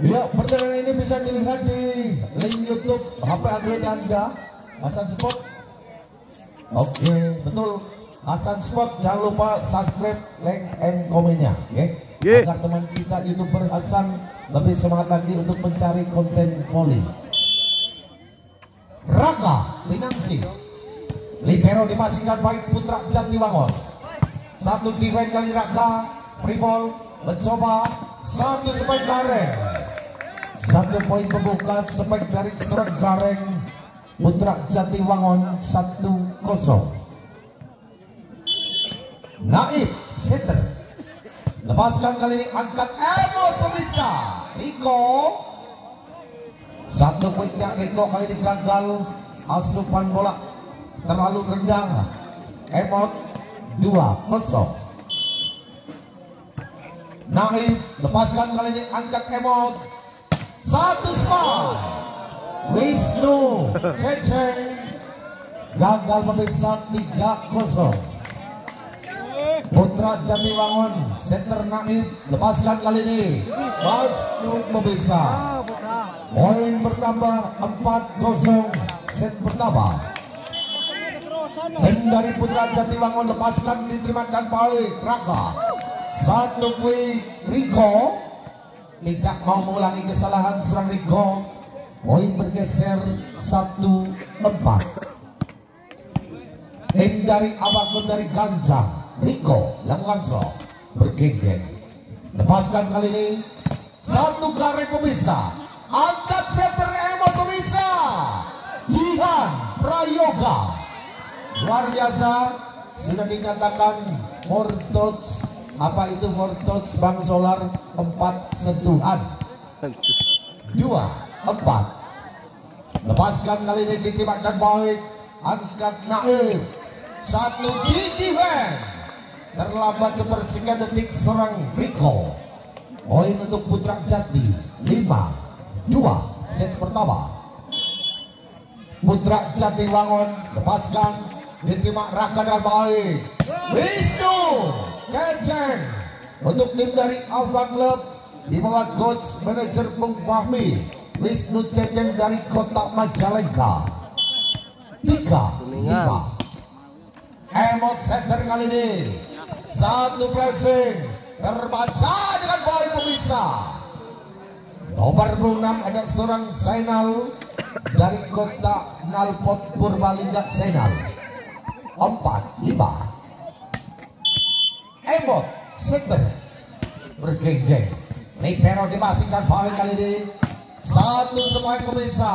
Ya, pertandingan ini bisa dilihat di link YouTube HP Android Anda, Hasan Sport. Oke, okay, betul. Hasan Sport jangan lupa subscribe, like, and komennya, oke? Okay? Yeah. Agar teman kita youtuber Hasan lebih semangat lagi untuk mencari konten volley. Raka Linangsi, libero dimasingkan baik Putra Jatiwangon. Satu defense kali Raka, free ball, mencoba satu sebaik karet. Satu poin pembuka sebaik dari Surat Gareng Putra Jati Wangon 1-0 Naib Sitter Lepaskan kali ini angkat Emo pemirsa Riko Satu poinnya Riko kali ini gagal Asupan bola terlalu rendah Emot 2-0 Naib lepaskan kali ini angkat Emot satu spot Wisnu Cece gagal pemirsa 3-0 Putra Jatiwangon center naib lepaskan kali ini Wisnu pemirsa poin bertambah 4-0 set pertama tim dari Putra Jatiwangon lepaskan diterima dan balik Raka satu kui Riko tidak mau mengulangi kesalahan serang Riko poin bergeser satu 4 tim dari Abakun dari Ganja Riko lakukan so, bergenggeng lepaskan kali ini satu karek pemirsa angkat center Emo pemirsa Jihan Prayoga luar biasa sudah dinyatakan mortos. Apa itu for touch bank solar empat sentuhan? Dua, empat. Lepaskan kali ini di diterima dan baik. Angkat naik Satu di Terlambat sepersekian detik serang Rico. Poin untuk Putra Jati. Lima, dua, set pertama. Putra Jati bangun, lepaskan, diterima Raka dan baik. Wisnu. Ceceng untuk tim dari Alpha Club di bawah coach manager Bung Fahmi Wisnu Ceceng dari Kota Majalengka tiga lima Emot center kali ini satu pressing terbaca dengan poin pemirsa nomor 6 ada seorang Senal dari kota Nalpot Purbalingga Senal empat lima embot seter bergenggeng libero dimasingkan paling kali ini satu semuanya pemirsa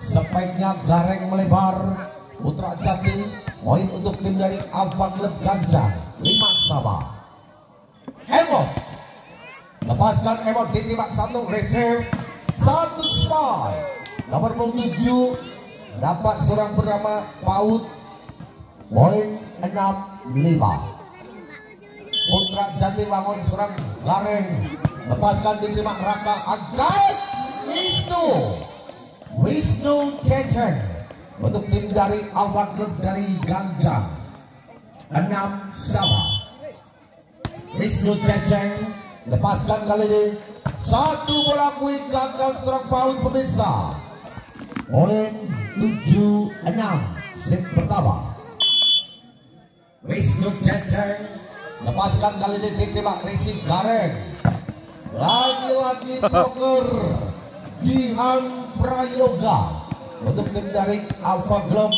Sepeknya gareng melebar putra jati poin untuk tim dari Avang Leb Ganja. lima sama embot lepaskan embot di ditimbang satu reserve satu semua. nomor punggung tujuh dapat seorang bernama Paut poin enam lima Surat Jati bangun serang Gareng lepaskan diterima Raka agak Wisnu Wisnu Cecen untuk tim dari Alfa Club dari Gangjang enam sama Wisnu Cecen lepaskan kali ini satu bola kuing gagal serang paut pemirsa oleh tujuh enam set pertama Wisnu Cecen lepaskan kali ini diterima Racing Gareng lagi-lagi poker Jihan Prayoga untuk tim dari Alpha Glob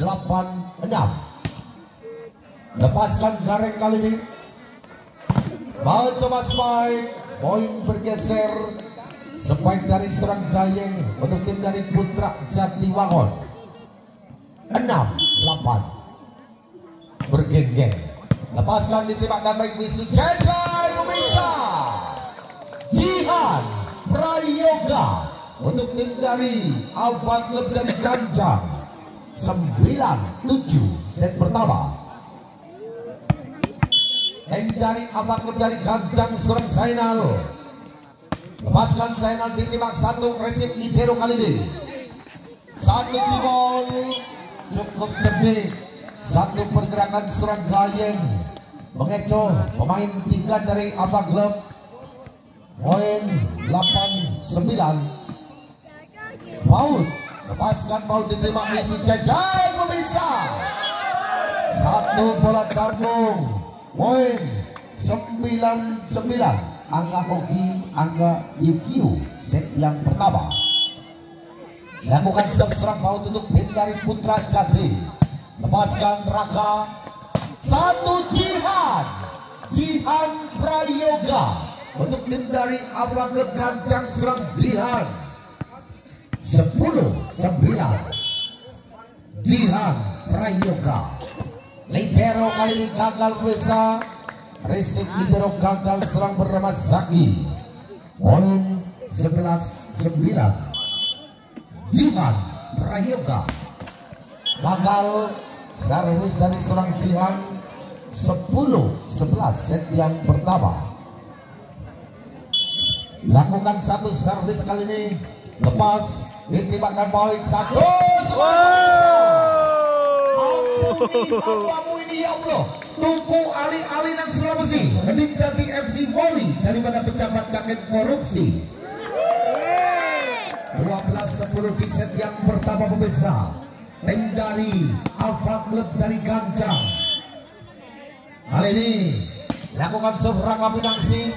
86 lepaskan Gareng kali ini mau coba spike poin bergeser spike dari serang Gayeng untuk tim dari Putra Jatiwangon 6 8 bergenggeng Lepaskan dan baik Wisnu Cendra Indonesia Jihan Prayoga untuk tim dari Alfa Club dari Ganjang sembilan tujuh set pertama. Tim dari Alfa Club dari Ganjang Surang Sainal. Lepaskan Sainal diterima satu resip libero kali ini. Satu jebol cukup cepat Satu pergerakan serang kalian bengeco pemain tiga dari Alpha Club Poin 89 Paut Lepaskan Paut diterima Messi Jajai pemirsa Satu bola tanggung Poin 99 Angga Hoki Angga Yukio Set yang pertama Lakukan serang Paut untuk tim dari Putra Jatri Lepaskan Raka satu jihad Jihan Prayoga untuk tim dari Abang Gancang Serang jihad 10 9 Jihan Prayoga Libero kali ini gagal Wesa Resik Libero gagal serang bernama Zaki Poin 11 9 Jihan Prayoga gagal servis dari serang Jihan 10 11 set yang pertama lakukan satu servis kali ini lepas diterima dan poin satu wow. ini ya Allah Tuku alih-alih nang Sulawesi Hening dati MC Woli daripada pejabat kaget korupsi 12-10 kiset set yang pertama pemirsa tim dari Alfa Club dari Gancang Kali ini lakukan serve rangka Pinang si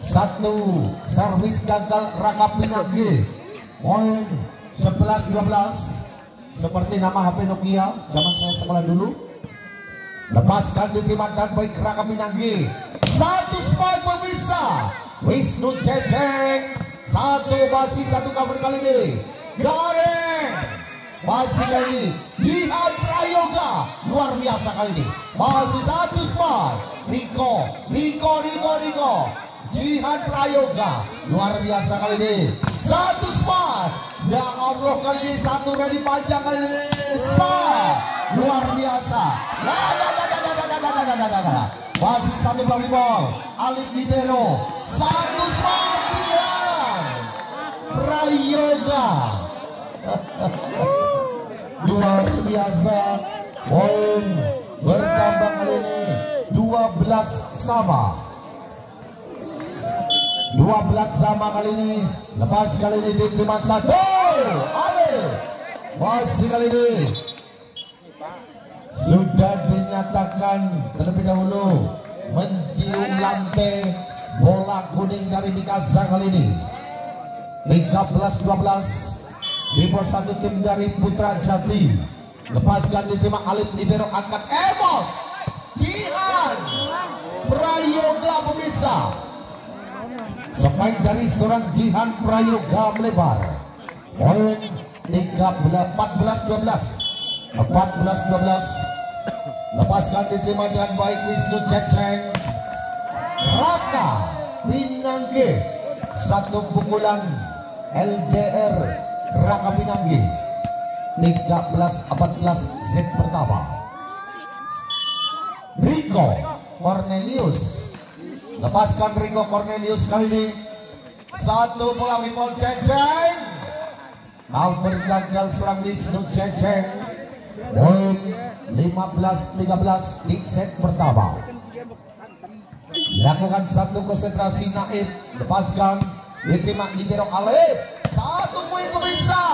Satu servis gagal rangka Pinang G. Poin dua belas Seperti nama HP Nokia zaman saya sekolah dulu. Lepaskan diterima dan baik rangka Pinang G. Satu spot pemirsa. Wisnu Ceceng. Satu basi satu cover kali ini. Garing masih kali ini Jihad Prayoga Luar biasa kali ini Masih satu spot Riko Riko Riko Riko Jihad Prayoga Luar biasa kali ini Satu spot Ya Allah kali ini Satu ready panjang kali ini Spot Luar biasa Nah nah nah Masih satu ball Alif Libero Satu spot Prayoga luar biasa poin bertambah kali ini 12 sama 12 sama kali ini lepas kali ini di timan satu Ale masih kali ini sudah dinyatakan terlebih dahulu mencium lantai bola kuning dari Mikasa kali ini 13-12 di satu tim dari Putra Jati lepaskan diterima Alif Libero angkat Emot Jihan Prayoga pemirsa Sepain dari seorang Jihan Prayoga melebar poin 13 14 12 14 12 lepaskan diterima dengan baik Wisnu Ceceng Raka Pinangke satu pukulan LDR Raka Pinanggi 13-14 set pertama Rico Cornelius lepaskan Rico Cornelius kali ini satu pulang ribol Ceceng cover gagal serang Wisnu Ceceng poin 15-13 di set pertama lakukan satu konsentrasi Naif lepaskan diterima libero Ale satu kami pemirsa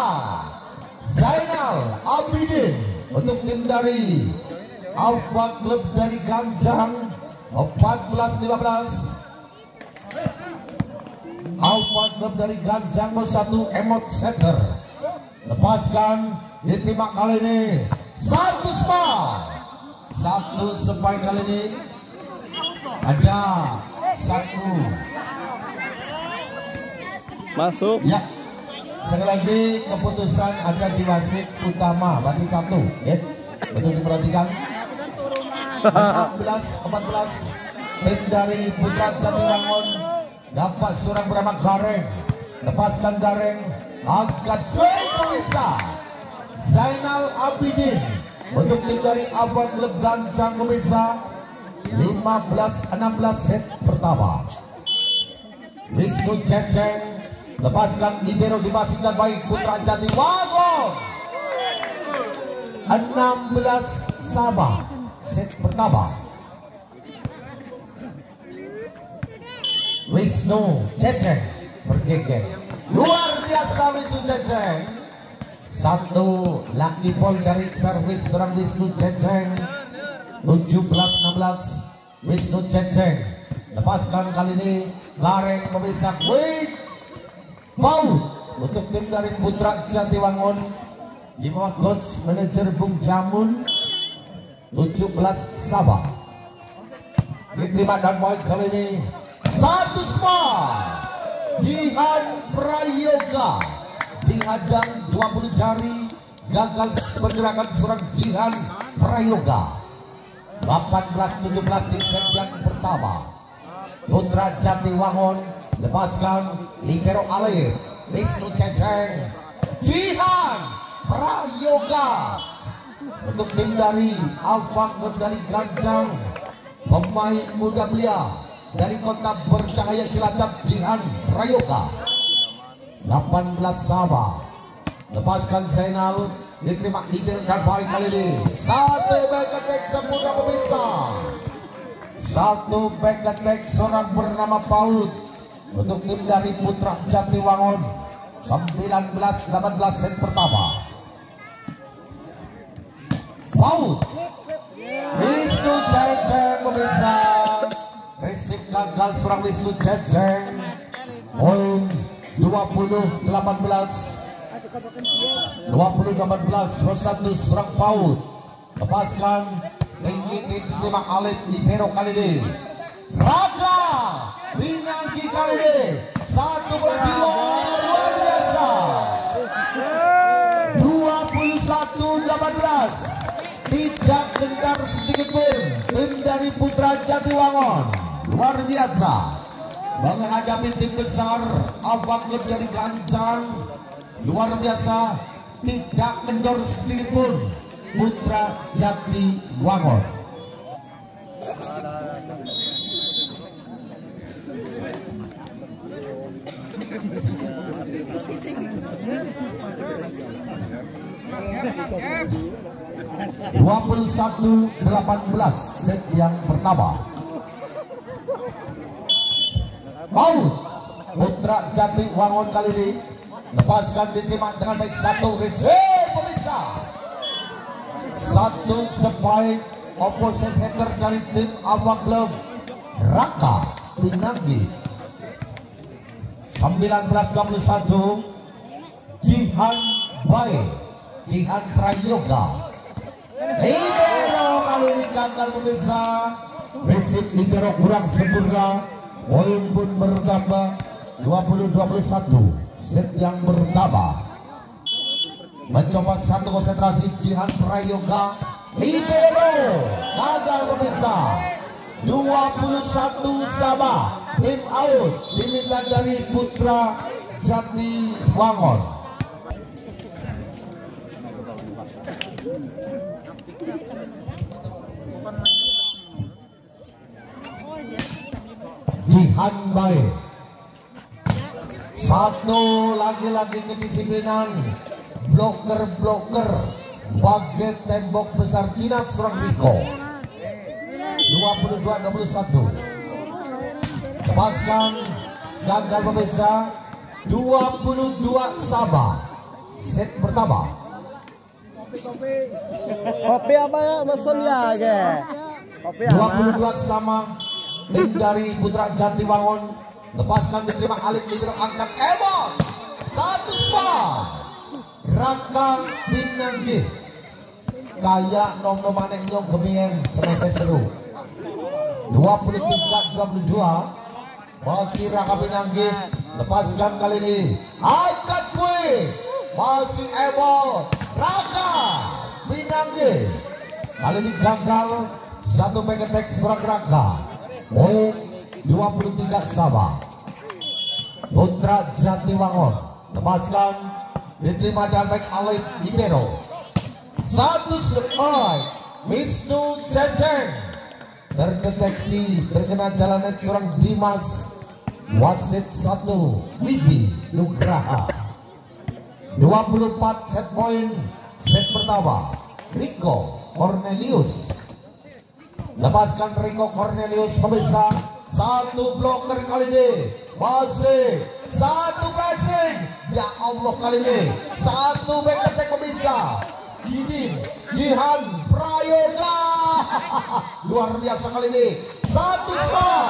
Zainal Abidin untuk tim dari Alpha Club dari Ganjang 14-15 Club dari Ganjang 1 Emot Center lepaskan diterima kali ini satu semua satu semai kali ini ada satu masuk ya Sekali lagi keputusan ada di wasit utama wasit satu, ya. Betul diperhatikan. 14 14 tim dari Putra Bangun dapat surat bernama Gareng. Lepaskan Gareng, angkat swing pemirsa. Zainal Abidin untuk tim dari Afan Legancang pemirsa 15-16 set pertama. Wisnu Ceceng Lepaskan libero dimasukkan baik Putra Jati Wago 16 sama Set pertama Wisnu Ceceng bergeger Luar biasa Wisnu Ceceng Satu lucky ball dari servis orang Wisnu Ceceng 17-16 Wisnu Ceceng Lepaskan kali ini Lareng memisah Wih Mau untuk tim dari Putra Jatiwangun di bawah coach Manager Bung Jamun 17 Sabah. Diterima dan baik kali ini satu semua. Jihan Prayoga dihadang 20 jari gagal pergerakan surat Jihan Prayoga. 18-17 di set yang pertama. Putra Jatiwangun lepaskan libero alir Wisnu Ceceng Jihan Prayoga untuk tim dari Avang dari Ganjang pemain muda belia dari kota bercahaya Cilacap Jihan Prayoga 18 saba lepaskan Senal diterima Ibir dan Farid kali ini satu back attack sempurna pemirsa satu back attack seorang bernama Paul untuk tim dari Putra Jatiwangon 19-18 set pertama Paut Wisnu Ceceng pemirsa Resip gagal serang Wisnu Ceceng Poin 20-18 20-18 21 serang Paul Lepaskan Tinggi diterima Alif Libero kali ini Raga KIB satu bola luar biasa 21 18 tidak gentar sedikit pun tim dari Putra Jatiwangon luar biasa menghadapi tim besar Abang Klub dari Gancang luar biasa tidak kendor sedikit pun Putra Jatiwangon Wangon 118 set yang bernama Maut Putra Jati Wangon kali ini lepaskan diterima dengan baik satu hits hey, pemirsa satu sepaik opposite hitter dari tim awak Club Raka Pinanggi 1921 Jihan Bae Jihan Prayoga Libero kalau ini pemirsa. Prinsip libero kurang sempurna. Poin pun bertambah 20-21. Set yang bertambah. Mencoba satu konsentrasi Jihan Prayoga. Libero gagal pemirsa. 21 sama tim out diminta dari Putra Jati Wangon. Jihan Baik satu lagi-lagi kedisiplinan bloker-bloker bagai tembok besar Cina Serang Riko 22-21 lepaskan gagal pemirsa 22 Sabah set pertama kopi apa Mas Sonia kopi apa 22 sama tim dari Putra Jati lepaskan diterima Alif libero angkat Emon satu spa Raka Pinanggi kayak nom nom aneh nyong kemien selesai seru 23 22 masih Raka Pinanggi lepaskan kali ini angkat kue masih Emon Raka Pinanggi kali ini gagal satu pengetek serak Raka 23 Sabah Putra Jatiwangon Lepas diterima dan baik oleh Ibero Satu strike Misnu Ceceng Terdeteksi terkena jalannya seorang Dimas Wasit 1 Widi Nugraha 24 set point set pertama Rico Cornelius Lepaskan Riko Cornelius pemirsa. Satu bloker kali ini. Masih satu passing. Ya Allah kali ini. Satu back attack pemirsa. Jidin, Jihan, Prayoga. Luar biasa kali ini. Satu spot.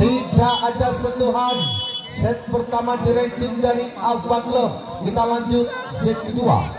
Tidak ada sentuhan. Set pertama direktif dari Alfa Club. Kita lanjut set kedua.